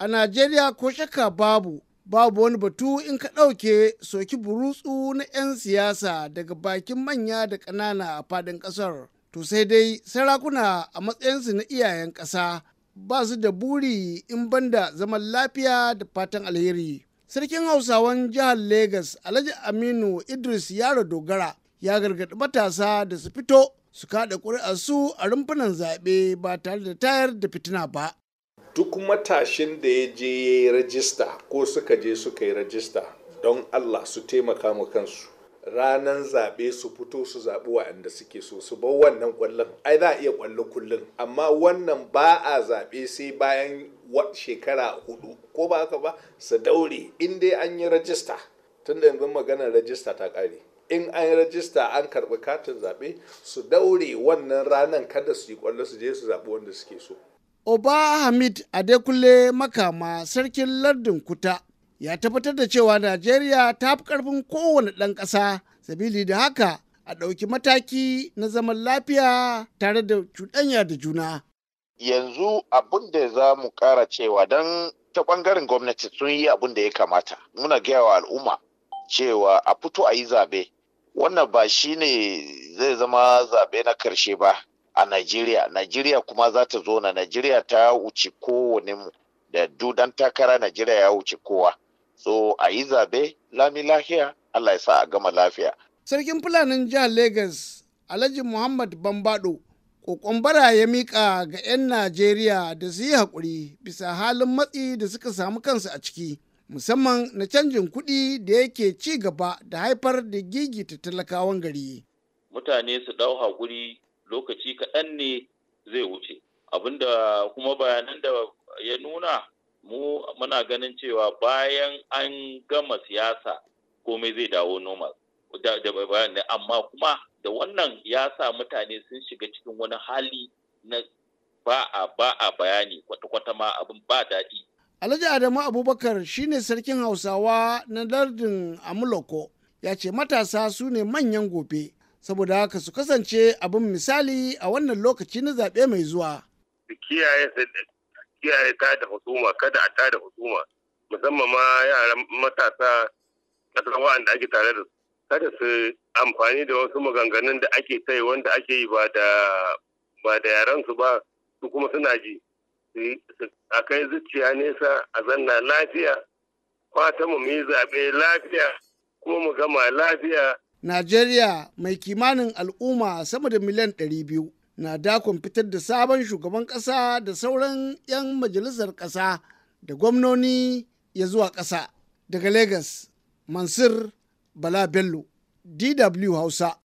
a najeriya ko shakka babu babu wani batu in ka ɗauke soki burutsu na 'yan siyasa daga bakin manya da ƙanana a fadin ƙasar to sai dai sarakuna a matsayinsu na iyayen ƙasa ba su da buri in banda zaman lafiya da fatan alheri sarkin hausawan jihar Legas alhaji aminu idris yaro dogara ya gargaɗi matasa da su fito su kaɗa ƙuri'arsu a rumfunan zaɓe ba tare da tayar da fitina ba duk matashin da ya je ya yi rajista ko suka je suka yi rajista don allah su taimaka mu kansu ranan zaɓe su fito su zaɓi waɗanda suke so su bar wannan kwallon ai za a iya ƙwallo kullum amma wannan ba a zaɓe sai bayan shekara hudu ko ba haka ba su daure in dai an yi rajista tunda yanzu magana rajista ta ƙare in an yi rajista an karɓi katin zaɓe su daure wannan ranan kada su yi ƙwallo su je su zaɓi wanda suke so Oba Hamid Adekunle Makama sarkin lardin Kuta ya tabbatar da cewa Najeriya ta fi ƙarfin kowane ɗan ƙasa sabili da haka a ɗauki mataki na zaman lafiya tare da cuɗanya da juna. Yanzu abin da za mu ƙara cewa don ta ɓangaren gwamnati sun yi abin da ya kamata. Muna gaya wa al'umma cewa a fito a yi zabe. Wannan ba shi ne zai zama zabe na karshe ba. a Najeriya. Najeriya kuma za ta zo na Najeriya ta wuce kowane mu da dudan takara Najeriya ya wuce kowa. So a yi zabe lami lafiya Allah ya sa a gama lafiya. Sarkin Fulanin jihar Legas Alhaji Muhammad Bambado kokon bara ya mika ga 'yan Najeriya da su yi haƙuri bisa halin matsi da suka samu kansu a ciki. musamman na canjin kuɗi da yake ci gaba da haifar da gigita talakawan gari. Mutane su ɗau haƙuri lokaci kaɗan ne zai wuce abinda kuma bayanan da ya nuna mu muna ganin cewa bayan an gama siyasa komai zai dawo normal da, da amma kuma da wannan ya sa mutane sun shiga cikin wani hali na ba a ba a bayani kwata-kwata ma abin ba daɗi Alhaji Adamu Abubakar shine sarkin Hausawa na lardin Amuloko ya ce matasa su ne manyan gobe saboda haka su kasance abin misali a wannan lokaci na zaɓe mai zuwa. kiyaye ta da husuma kada a ta da husuma musamman ma yaran matasa ƙasar da ake tare da su kada su amfani da wasu maganganun da ake tai wanda ake yi ba da ba da yaran su ba su kuma suna ji a kai zuciya nesa a zanna lafiya fata mu yi zaɓe lafiya kuma mu gama lafiya Najeriya mai kimanin al'umma sama da miliyan 200 na dakon fitar da sabon shugaban ƙasa da sauran 'yan majalisar ƙasa da gwamnoni ya zuwa ƙasa. Daga Legas, Mansur Bala Bello, DW Hausa.